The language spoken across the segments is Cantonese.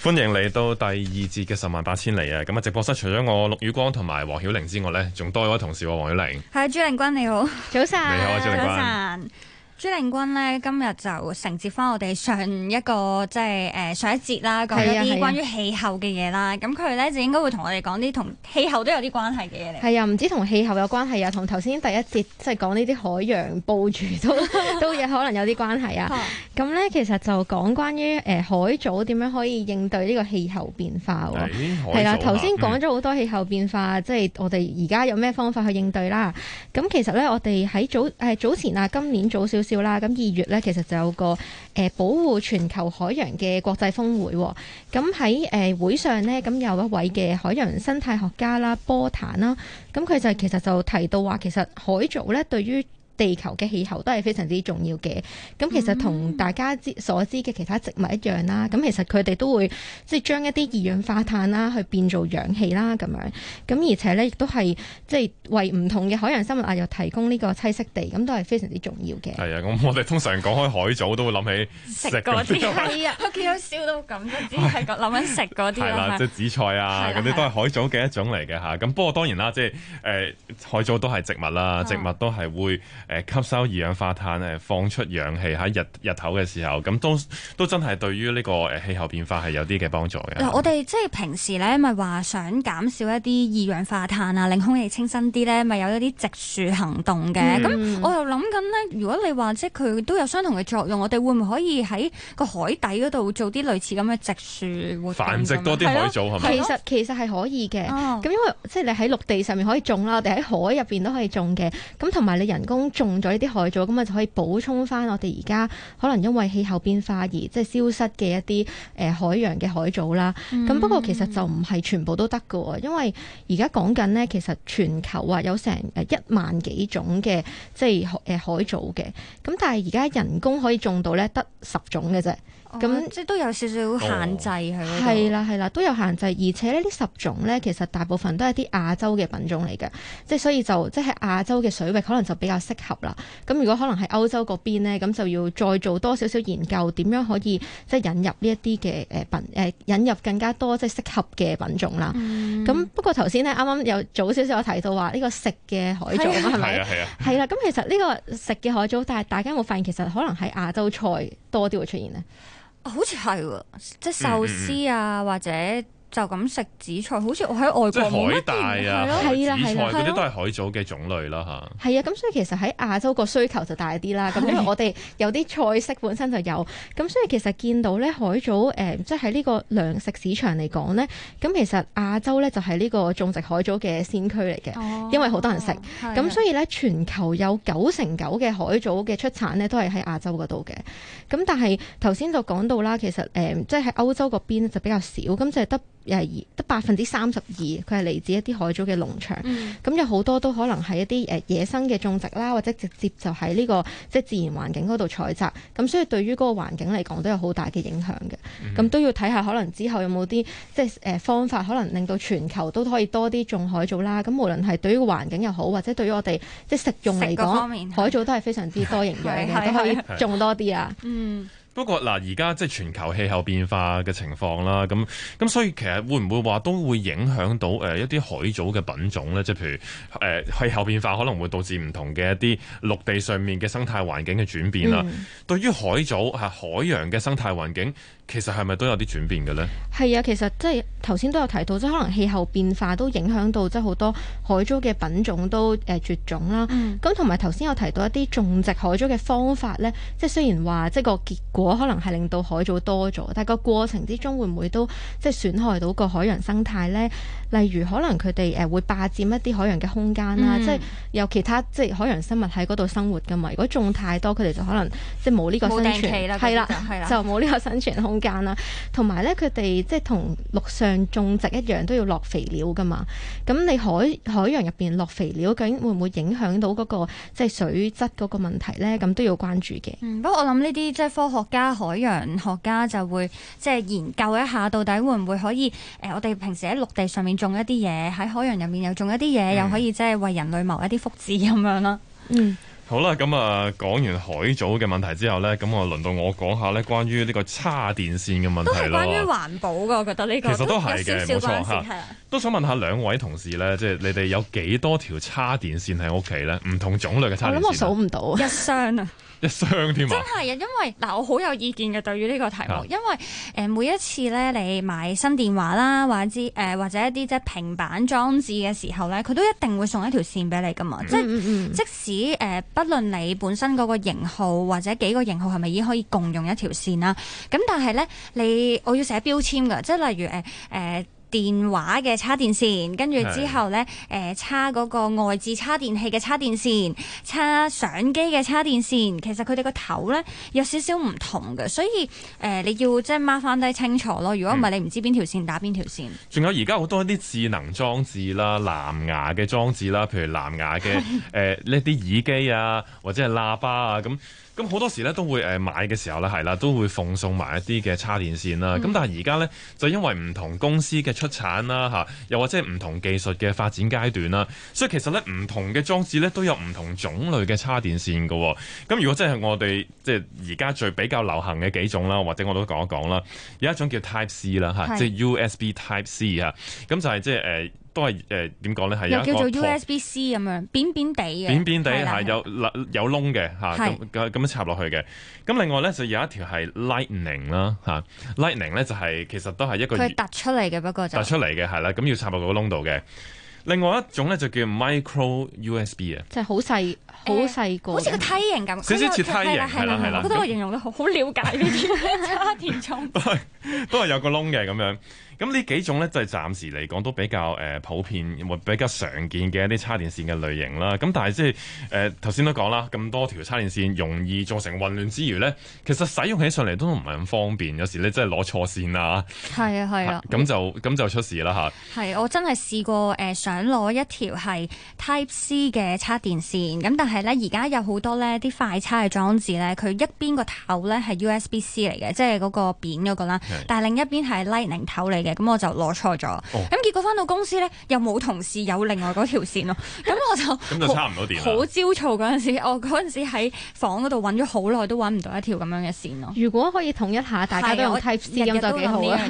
歡迎嚟到第二節嘅十萬八千里。啊！咁啊，直播室除咗我陸宇光同埋黃曉玲之外咧，仲多一位同事喎。黃曉玲。係，朱令君你好，早晨上，你好啊，朱令君。朱令君咧，今日就承接翻我哋上一個即係誒上一節啦，講一啲關於氣候嘅嘢啦。咁佢咧就應該會同我哋講啲同氣候都有啲關係嘅嘢嚟。係啊，唔止同氣候有關係啊，同頭先第一節即係講呢啲海洋暴雨都都有可能有啲關係啊。咁咧其實就講關於誒海藻點樣可以應對呢個氣候變化喎。係啦，頭先講咗好多氣候變化，即係我哋而家有咩方法去應對啦。咁其實咧，我哋喺早誒早前啊，今年早少少啦，咁二月咧，其實就有個誒保護全球海洋嘅國際峰會，咁喺誒會上咧，咁有一位嘅海洋生態學家啦，波坦啦，咁佢就其實就提到話，其實海藻咧，對於地球嘅氣候都係非常之重要嘅，咁其實同大家知所知嘅其他植物一樣啦，咁其實佢哋都會即係將一啲二氧化碳啦，去變做氧氣啦，咁樣，咁而且咧亦都係即係為唔同嘅海洋生物啊，又提供呢個棲息地，咁都係非常之重要嘅。係啊，咁我哋通常講開海藻都會諗起食嗰啲。係啊，都見佢笑到咁，都只係講諗緊食嗰啲。係啦，即係紫菜啊嗰啲都係海藻嘅一種嚟嘅嚇。咁不過當然啦，即係誒海藻都係植物啦，植物都係會。誒吸收二氧化碳咧，放出氧氣，喺日日頭嘅時候，咁都都真係對於呢個誒氣候變化係有啲嘅幫助嘅。嗱、呃，我哋即係平時咧，咪話想減少一啲二氧化碳啊，令空氣清新啲咧，咪有一啲植樹行動嘅。咁、嗯、我又諗緊咧，如果你話即係佢都有相同嘅作用，我哋會唔可以喺個海底嗰度做啲類似咁嘅植樹活動繁殖多啲海藻係咪？其實其實係可以嘅。咁、哦、因為即係你喺陸地上面可以種啦，我哋喺海入邊都可以種嘅。咁同埋你人工。種咗呢啲海藻，咁啊就可以補充翻我哋而家可能因為氣候變化而即係消失嘅一啲誒、呃、海洋嘅海藻啦。咁、嗯、不過其實就唔係全部都得噶，因為而家講緊呢，其實全球話有成誒、呃、一萬幾種嘅即係誒、呃、海藻嘅，咁但係而家人工可以種到呢，得十種嘅啫。咁即係都有少少限制係咯，係啦係啦都有限制，而且呢啲十種呢，其實大部分都係啲亞洲嘅品種嚟嘅，即係所以就即係亞洲嘅水域可能就比較適合啦。咁如果可能係歐洲嗰邊咧，咁就要再做多少少研究，點樣可以即係引入呢一啲嘅誒品誒引入更加多即係適合嘅品種啦。咁不過頭先呢，啱啱有早少少有提到話呢個食嘅海藻係咪？係啊係啦。咁其實呢個食嘅海藻，但係大家有冇發現其實可能喺亞洲菜多啲會出現呢？好似係喎，即係壽司啊，或者。就咁食紫菜，好似我喺外國，即係海帶啊、紫菜嗰啲都係海藻嘅種類啦吓，係啊，咁、啊啊、所以其實喺亞洲個需求就大啲啦。咁因為我哋有啲菜式本身就有，咁所以其實見到咧海藻誒，即係喺呢個糧食市場嚟講咧，咁其實亞洲咧就係呢個種植海藻嘅先驅嚟嘅，哦、因為好多人食。咁、啊、所以咧，全球有九成九嘅海藻嘅出產咧都係喺亞洲嗰度嘅。咁但係頭先就講到啦，其實誒，即係喺歐洲嗰邊就比較少，咁就係得。又係得百分之三十二，佢係嚟自一啲海藻嘅農場，咁、嗯嗯、有好多都可能係一啲誒野生嘅種植啦，或者直接就喺呢、這個即係、就是、自然環境嗰度採集。咁所以對於嗰個環境嚟講，都有好大嘅影響嘅。咁、嗯嗯嗯、都要睇下可能之後有冇啲即係誒方法，可能令到全球都可以多啲種海藻啦。咁無論係對於環境又好，或者對於我哋即係食用嚟講，海藻都係非常之多營養嘅，是是是是都可以種多啲啊。嗯。不過嗱，而家即係全球氣候變化嘅情況啦，咁咁所以其實會唔會話都會影響到誒一啲海藻嘅品種咧？即係譬如誒、呃、氣候變化可能會導致唔同嘅一啲陸地上面嘅生態環境嘅轉變啦。嗯、對於海藻係海洋嘅生態環境，其實係咪都有啲轉變嘅呢？係啊，其實即係頭先都有提到，即係可能氣候變化都影響到即係好多海藻嘅品種都誒絕種啦。咁同埋頭先有提到一啲種植海藻嘅方法呢，即係雖然話即係個結果可能係令到海藻多咗，但係個過程之中會唔會都即係損害到個海洋生態呢？例如可能佢哋誒會霸佔一啲海洋嘅空間啦，嗯、即係有其他即係海洋生物喺嗰度生活㗎嘛。如果種太多，佢哋就可能即係冇呢個生存，係啦，係啦，就冇呢個生存空間啦，同埋咧，佢哋即係同陸上種植一樣，都要落肥料噶嘛。咁你海海洋入邊落肥料，究竟會唔會影響到嗰個即係水質嗰個問題咧？咁都要關注嘅。嗯，不過我諗呢啲即係科學家、海洋學家就會即係研究一下，到底會唔會可以誒、呃，我哋平時喺陸地上面種一啲嘢，喺海洋入面又種一啲嘢，嗯、又可以即係為人類謀一啲福祉咁樣啦。嗯。好啦，咁啊，講完海藻嘅問題之後咧，咁我輪到我講下咧，關於呢個叉電線嘅問題咯。都係關於環保噶，我覺得呢個。其實都係嘅，冇錯吓。係啊，都想問下兩位同事咧，即係你哋有幾多條叉電線喺屋企咧？唔同種類嘅叉電線。我諗我數唔到，啊，一箱啊。一真係啊，因為嗱，我好有意見嘅對於呢個題目，的因為誒、呃、每一次咧，你買新電話啦，或者啲、呃、或者一啲即係平板裝置嘅時候咧，佢都一定會送一條線俾你㗎嘛。即係、嗯嗯嗯、即使誒、呃，不論你本身嗰個型號或者幾個型號係咪已經可以共用一條線啦，咁但係咧，你我要寫標籤㗎，即係例如誒誒。呃呃電話嘅插電線，跟住之後呢，誒、呃、插嗰個外置插電器嘅插電線，叉相機嘅插電線，其實佢哋個頭呢有少少唔同嘅，所以誒、呃、你要即係 mark 翻低清楚咯。如果唔係，你唔知邊條線打邊條線。仲、嗯、有而家好多啲智能裝置啦、藍牙嘅裝置啦，譬如藍牙嘅誒呢啲耳機啊，或者係喇叭啊咁。咁好多時咧都會誒買嘅時候咧係啦，都會奉送埋一啲嘅叉電線啦。咁、嗯、但係而家咧就因為唔同公司嘅出產啦嚇，又或者唔同技術嘅發展階段啦，所以其實咧唔同嘅裝置咧都有唔同種類嘅叉電線㗎。咁如果真係我哋即係而家最比較流行嘅幾種啦，或者我都講一講啦。有一種叫 Type C 啦嚇是，即係 USB Type C 啊、就是，咁就係即係誒。都係誒，點講咧？係有叫做 USB C 咁樣扁扁地嘅，扁扁地係有有窿嘅吓，咁樣插落去嘅。咁另外咧就有一條係 Lightning 啦吓，Lightning 咧就係其實都係一個佢突出嚟嘅，不過就突出嚟嘅係啦，咁要插落個窿度嘅。另外一種咧就叫 Micro USB 啊，即係好細好細個，好似個梯形咁，少少似梯形係啦係啦。我覺得我形容得好好了解呢啲插電充，都係都係有個窿嘅咁樣。咁呢幾種咧，就係、係、暫時嚟講都比較誒、呃、普遍或比較常見嘅一啲叉電線嘅類型啦。咁但係即係誒頭先都講啦，咁多條叉電線容易造成混亂之餘咧，其實使用起上嚟都唔係咁方便。有時你真係攞錯線啊，係啊係啊，咁就咁就出事啦吓，係、啊、我真係試過誒、呃、想攞一條係 Type C 嘅叉電線，咁但係咧而家有好多咧啲快叉嘅裝置咧，佢一邊個頭咧係 USB-C 嚟嘅，即係嗰個扁嗰、嗰個啦，但係另一邊係 Lightning 頭嚟。咁我就攞錯咗，咁、oh. 結果翻到公司咧又冇同事有另外嗰條線咯，咁 我就咁 就差唔多電好焦躁嗰陣時，我嗰陣時喺房嗰度揾咗好耐都揾唔到一條咁樣嘅線咯。如果可以統一下，大家都用 Type C 咁就幾好啊。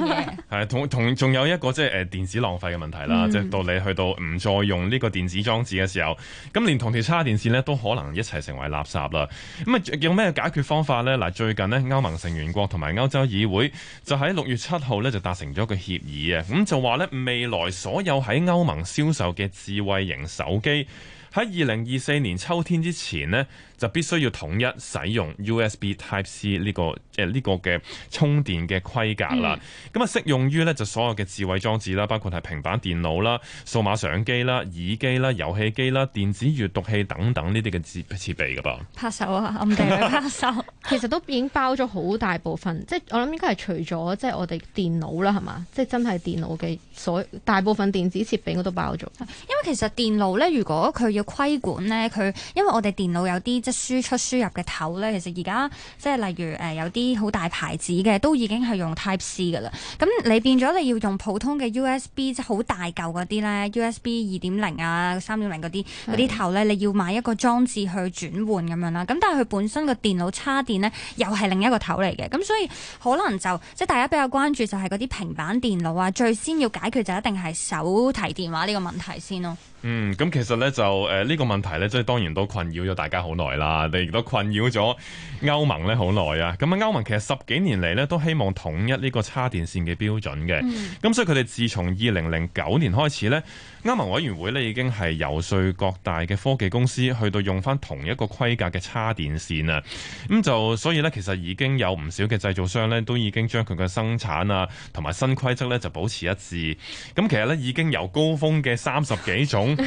係啊，同同仲有一個即係誒電子浪費嘅問題啦，即係 到你去到唔再用呢個電子裝置嘅時候，咁連同條叉電線咧都可能一齊成為垃圾啦。咁啊用咩解決方法咧？嗱，最近呢，歐盟成員國同埋歐洲議會就喺六月七號咧就達成咗個。協議啊，咁就話咧，未來所有喺歐盟銷售嘅智慧型手機，喺二零二四年秋天之前呢，就必須要統一使用 USB Type C 呢、呢個誒呢、呃呢個嘅充電嘅規格啦。咁啊、嗯，適用於呢就所有嘅智慧裝置啦，包括係平板電腦啦、數碼相機啦、耳機啦、遊戲機啦、電子閱讀器等等呢啲嘅設設備嘅噃。拍手啊！暗地裏拍手， 其實都已經包咗好大部分。即係 我諗應該係除咗即係我哋電腦啦，係嘛？即、就、係、係、真係電腦嘅所大部分電子設備我都包咗。因為其實電腦呢，如果佢要規管呢，佢因為我哋電腦有啲即係輸出輸入嘅頭呢。其實而家即係例如誒、呃、有啲好大牌子嘅都已經係用 Type C 嘅啦。咁你變咗你要用普通嘅 US USB 即係好大嚿嗰啲呢 USB 二點零啊、三點零嗰啲啲頭呢，你要買一個裝置去轉換咁樣啦。咁但係佢本身個電腦插電呢，又係另一個頭嚟嘅。咁所以可能就即係大家比較關注就係嗰啲平板電腦啊，最先要解決就一定係手提電話呢個問題先咯。嗯，咁其實咧就，誒呢個問題咧，即係當然都困擾咗大家好耐啦，亦都困擾咗歐盟咧好耐啊。咁啊，歐盟其實十幾年嚟咧都希望統一呢個叉電線嘅標準嘅，咁、嗯、所以佢哋自從二零零九年開始咧。歐盟委員會咧已經係遊說各大嘅科技公司去到用翻同一個規格嘅叉電線啊，咁就所以咧其實已經有唔少嘅製造商咧都已經將佢嘅生產啊同埋新規則咧就保持一致。咁其實咧已經由高峰嘅三十幾種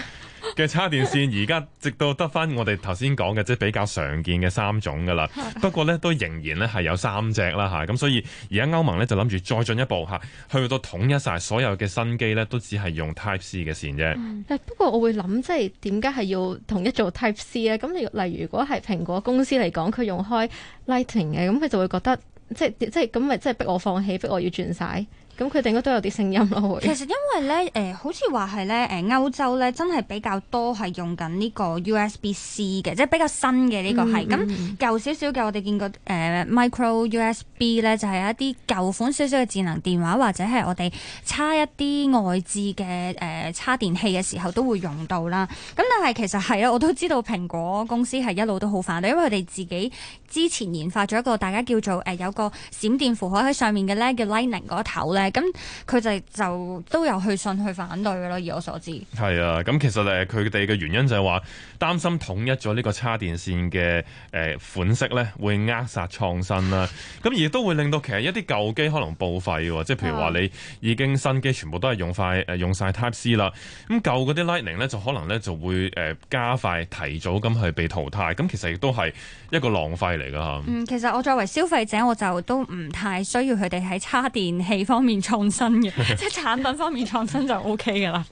嘅插電線而家直到得翻我哋頭先講嘅即係比較常見嘅三種噶啦。不過咧都仍然咧係有三隻啦吓，咁所以而家歐盟咧就諗住再進一步吓去到統一晒所有嘅新機咧都只係用 Type C 嘅。嗯，不過我會諗，即係點解係要同一做 Type C 咧？咁你例如如果係蘋果公司嚟講，佢用開 Lightning 嘅，咁佢就會覺得即即咁咪即係逼我放棄，逼我要轉晒。咁佢哋應該都有啲聲音咯，其實因為咧，誒、呃、好似話係咧，誒、呃、歐洲咧真係比較多係用緊呢個 USB-C 嘅，即係比較新嘅呢個係，咁舊少少嘅，我哋見過誒、呃、Micro USB 咧，就係、是、一啲舊款少少嘅智能電話或者係我哋差一啲外置嘅誒、呃、插電器嘅時候都會用到啦。咁但係其實係啊，我都知道蘋果公司係一路都好反對，因為佢哋自己之前研發咗一個大家叫做誒、呃、有個閃電符號喺上面嘅咧，叫 Lightning 嗰頭咧。咁佢哋就都有去信去反對嘅咯，以我所知。係啊，咁其實誒佢哋嘅原因就係話擔心統一咗呢個叉電線嘅誒、呃、款式咧，會扼殺創新啦。咁亦 都會令到其實一啲舊機可能報廢嘅，即係譬如話你已經新機全部都係用快誒、呃、用晒 Type C 啦，咁舊啲 Lightning 咧就可能咧就會誒加快提早咁去被淘汰。咁其實亦都係一個浪費嚟嘅吓，嗯，其實我作為消費者，我就都唔太需要佢哋喺叉電器方面。創新嘅，即係產品方面創新就 O K 噶啦。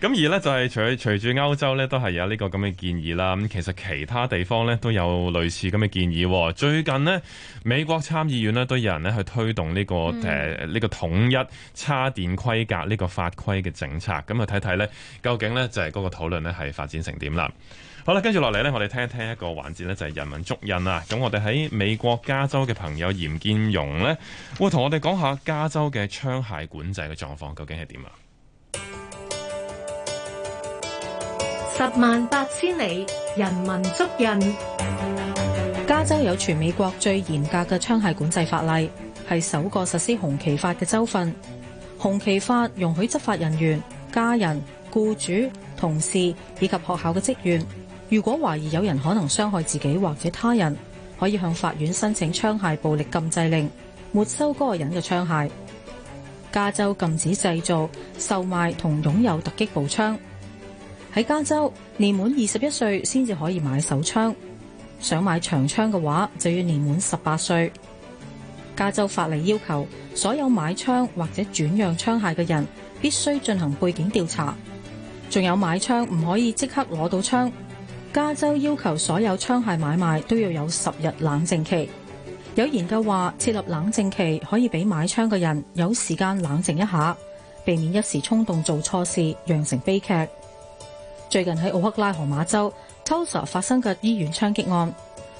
咁 而呢，就係隨隨住歐洲呢，都係有呢個咁嘅建議啦。咁其實其他地方呢，都有類似咁嘅建議。最近呢，美國參議院呢，都有人咧去推動呢、呢個誒呢、呃呢個統一叉電規格呢個法規嘅政策。咁啊睇睇呢，究竟呢，就係嗰個討論呢，係發展成點啦。好啦，跟住落嚟咧，我哋聽一聽一個環節咧，就係人文足印啊！咁我哋喺美國加州嘅朋友嚴劍蓉呢，會同我哋講下加州嘅槍械管制嘅狀況究竟係點啊？十萬八千里，人文足印。加州有全美國最嚴格嘅槍械管制法例，係首個實施紅旗法嘅州份。紅旗法容許執法人員、家人、雇主、同事以及學校嘅職員。如果懷疑有人可能傷害自己或者他人，可以向法院申請槍械暴力禁制令，沒收嗰個人嘅槍械。加州禁止製造、售賣同擁有突擊步槍。喺加州，年滿二十一歲先至可以買手槍。想買長槍嘅話，就要年滿十八歲。加州法例要求所有買槍或者轉讓槍械嘅人必須進行背景調查。仲有買槍唔可以即刻攞到槍。加州要求所有槍械買賣都要有十日冷靜期。有研究話，設立冷靜期可以俾買槍嘅人有時間冷靜一下，避免一時衝動做錯事，釀成悲劇。最近喺奧克拉荷馬州 Tulsa 發生嘅醫院槍擊案，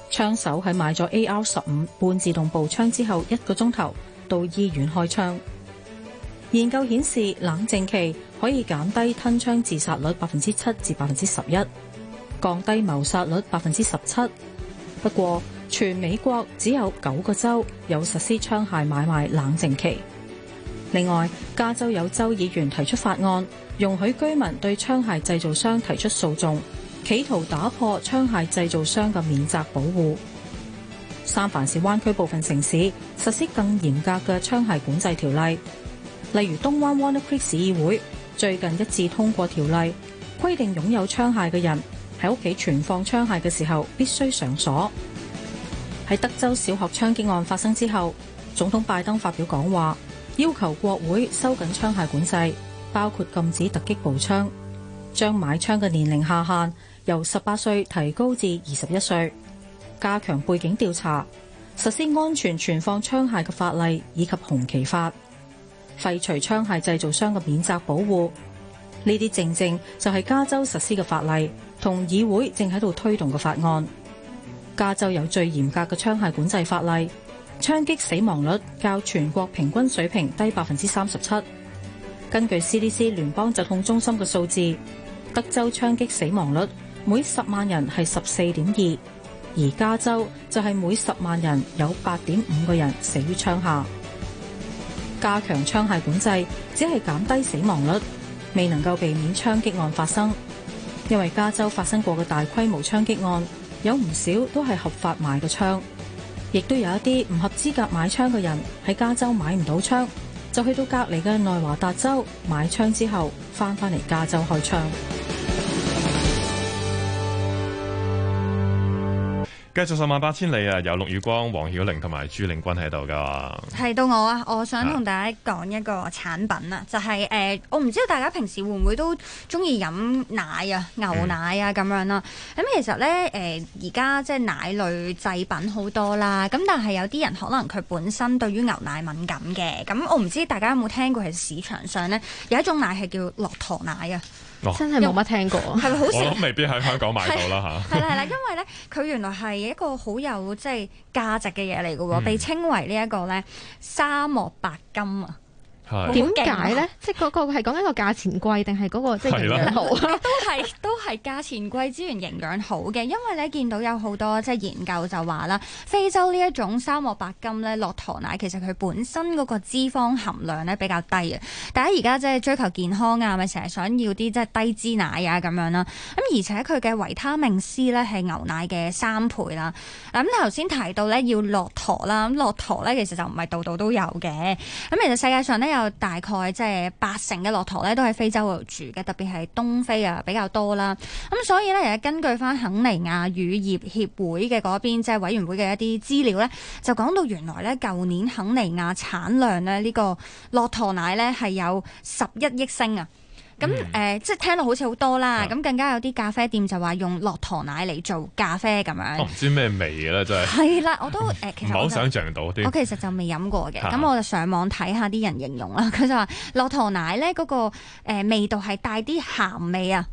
槍手喺買咗 AR 十五半自動步槍之後一個鐘頭到醫院開槍。研究顯示，冷靜期可以減低吞槍自殺率百分之七至百分之十一。降低謀殺率百分之十七，不過全美國只有九個州有實施槍械買賣冷靜期。另外，加州有州議員提出法案，容許居民對槍械製造商提出訴訟，企圖打破槍械製造商嘅免責保護。三藩市灣區部分城市實施更嚴格嘅槍械管制條例，例如東灣 Walnut Creek 市議會最近一致通過條例，規定擁有槍械嘅人，喺屋企存放槍械嘅時候必須上鎖。喺德州小學槍擊案發生之後，總統拜登發表講話，要求國會收緊槍械管制，包括禁止突擊步槍，將買槍嘅年齡下限由十八歲提高至二十一歲，加強背景調查，實施安全存放槍械嘅法例以及紅旗法，廢除槍械製造商嘅免責保護。呢啲正正就係加州實施嘅法例。同議會正喺度推動嘅法案。加州有最嚴格嘅槍械管制法例，槍擊死亡率較全國平均水平低百分之三十七。根據 CDC 聯邦疾控中心嘅數字，德州槍擊死亡率每十萬人係十四點二，而加州就係每十萬人有八點五個人死於槍下。加強槍械管制只係減低死亡率，未能夠避免槍擊案發生。因為加州發生過嘅大規模槍擊案，有唔少都係合法買嘅槍，亦都有一啲唔合資格買槍嘅人喺加州買唔到槍，就去到隔籬嘅內華達州買槍之後，翻返嚟加州開槍。繼續十萬八千里啊！有陸宇光、黃曉玲同埋朱令君喺度噶，係到我啊！我想同大家講一個產品啊，是就係、是、誒、呃，我唔知道大家平時會唔會都中意飲奶啊，牛奶啊咁、嗯、樣啦。咁、嗯、其實呢，誒而家即係奶類製品好多啦。咁但係有啲人可能佢本身對於牛奶敏感嘅，咁、嗯、我唔知大家有冇聽過，喺市場上呢有一種奶係叫駱駝奶啊。哦、真係冇乜聽過，係咪好少？ 我都未必喺香港買到啦吓？係啦係啦，因為咧，佢原來係一個好有即係價值嘅嘢嚟嘅喎，嗯、被稱為呢、這、一個咧沙漠白金啊。點解呢？即係嗰個係講一個價錢貴定係嗰個即係營養好？是的 都係都係價錢貴，資源營養好嘅。因為咧見到有好多即係研究就話啦，非洲呢一種沙漠白金咧，駱駝奶其實佢本身嗰個脂肪含量咧比較低啊。大家而家即係追求健康啊，咪成日想要啲即係低脂奶啊咁樣啦。咁而且佢嘅維他命 C 咧係牛奶嘅三倍啦。咁頭先提到咧要駱駝啦，咁駱駝咧其實就唔係度度都有嘅。咁其實世界上咧有，大概即係八成嘅駱駝咧，都喺非洲度住嘅，特別係東非啊比較多啦。咁所以咧，其實根據翻肯尼亞乳業協會嘅嗰邊即係委員會嘅一啲資料咧，就講到原來咧舊年肯尼亞產量咧呢個駱駝奶咧係有十一億升啊。咁誒，即係、嗯嗯、聽落好似好多啦。咁、啊、更加有啲咖啡店就話用駱駝奶嚟做咖啡咁樣。唔、啊、知咩味啦，真係。係啦，我都誒。冇、呃、 想象到啲。我其實就未飲過嘅，咁、啊、我就上網睇下啲人形容啦。佢就話駱駝奶咧、那個，嗰、呃、個味道係帶啲鹹味啊，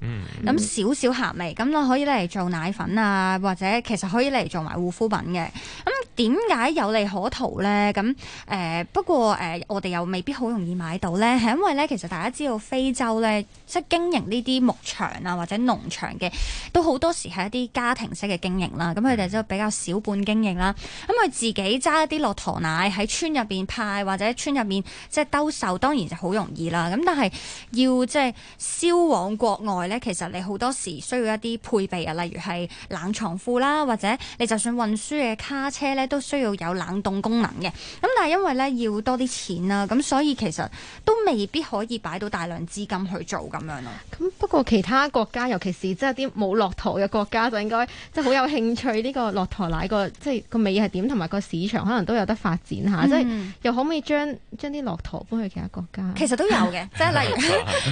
咁少少鹹味，咁咯、嗯、可以嚟做奶粉啊，或者其實可以嚟做埋護膚品嘅。咁點解有利可圖咧？咁誒、呃、不過誒、呃，我哋又未必好容易買到咧，係因為咧，其實大家知道非洲咧。誒，即係經營呢啲牧場啊或者農場嘅，都好多時係一啲家庭式嘅經營啦。咁佢哋都比較小本經營啦。咁佢自己揸一啲駱駝奶喺村入邊派或者村入面即係兜售，當然就好容易啦。咁但係要即係銷往國外咧，其實你好多時需要一啲配備啊，例如係冷藏庫啦，或者你就算運輸嘅卡車咧，都需要有冷凍功能嘅。咁但係因為咧要多啲錢啦，咁所以其實都未必可以擺到大量資金去，做咁樣咯，咁不過其他國家，尤其是即係啲冇駱駝嘅國家，就應該即係好有興趣呢個駱駝奶個即係個味係點，同埋個市場可能都有得發展下，嗯、即係又可唔可以將將啲駱駝搬去其他國家？其實都有嘅，即係 例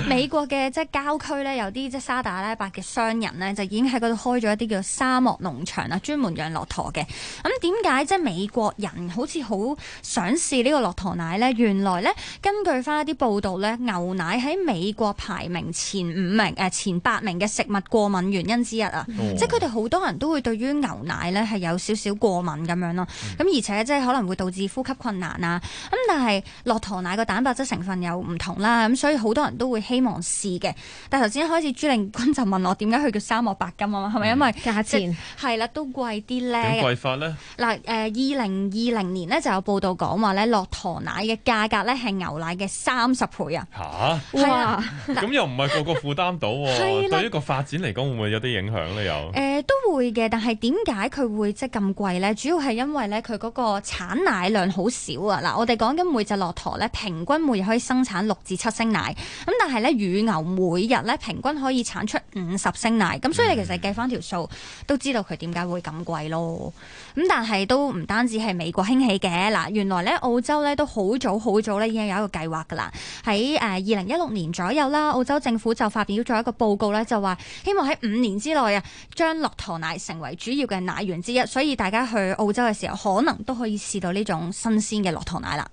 如美國嘅即係郊區咧，有啲即係沙地阿拉伯嘅商人咧，就已經喺嗰度開咗一啲叫沙漠農場啦，專門養駱駝嘅。咁點解即係美國人好似好想試呢個駱駝奶咧？原來咧，根據翻一啲報道咧，牛奶喺美國排名前五名誒、呃、前八名嘅食物過敏原因之一啊，哦、即係佢哋好多人都會對於牛奶呢係有少少過敏咁樣咯，咁、嗯、而且即係可能會導致呼吸困難啊，咁但係駱駝奶個蛋白質成分有唔同啦、啊，咁所以好多人都會希望試嘅。但頭頭先開始朱令君就問我點解佢叫沙漠白金啊嘛，係咪因為價、嗯、錢係啦都貴啲咧？點貴法咧？嗱誒，二零二零年呢就有報道講話咧駱駝奶嘅價格咧係牛奶嘅三十倍啊！嚇哇、啊、～ 咁 又唔係個個負擔到喎、哦？ 的對於個發展嚟講，會唔會有啲影響咧？又誒、呃、都會嘅，但係點解佢會即係咁貴呢？主要係因為咧，佢嗰個產奶量好少啊！嗱，我哋講緊每隻駱駝咧，平均每日可以生產六至七升奶。咁但係咧，乳牛每日咧平均可以產出五十升奶。咁、嗯、所以其實計翻條數都知道佢點解會咁貴咯。咁但係都唔單止係美國興起嘅。嗱，原來咧澳洲咧都好早好早咧已經有一個計劃㗎啦。喺誒二零一六年左右咧。澳洲政府就發表咗一個報告咧，就話希望喺五年之內啊，將駱駝奶成為主要嘅奶源之一，所以大家去澳洲嘅時候，可能都可以試到呢種新鮮嘅駱駝奶啦。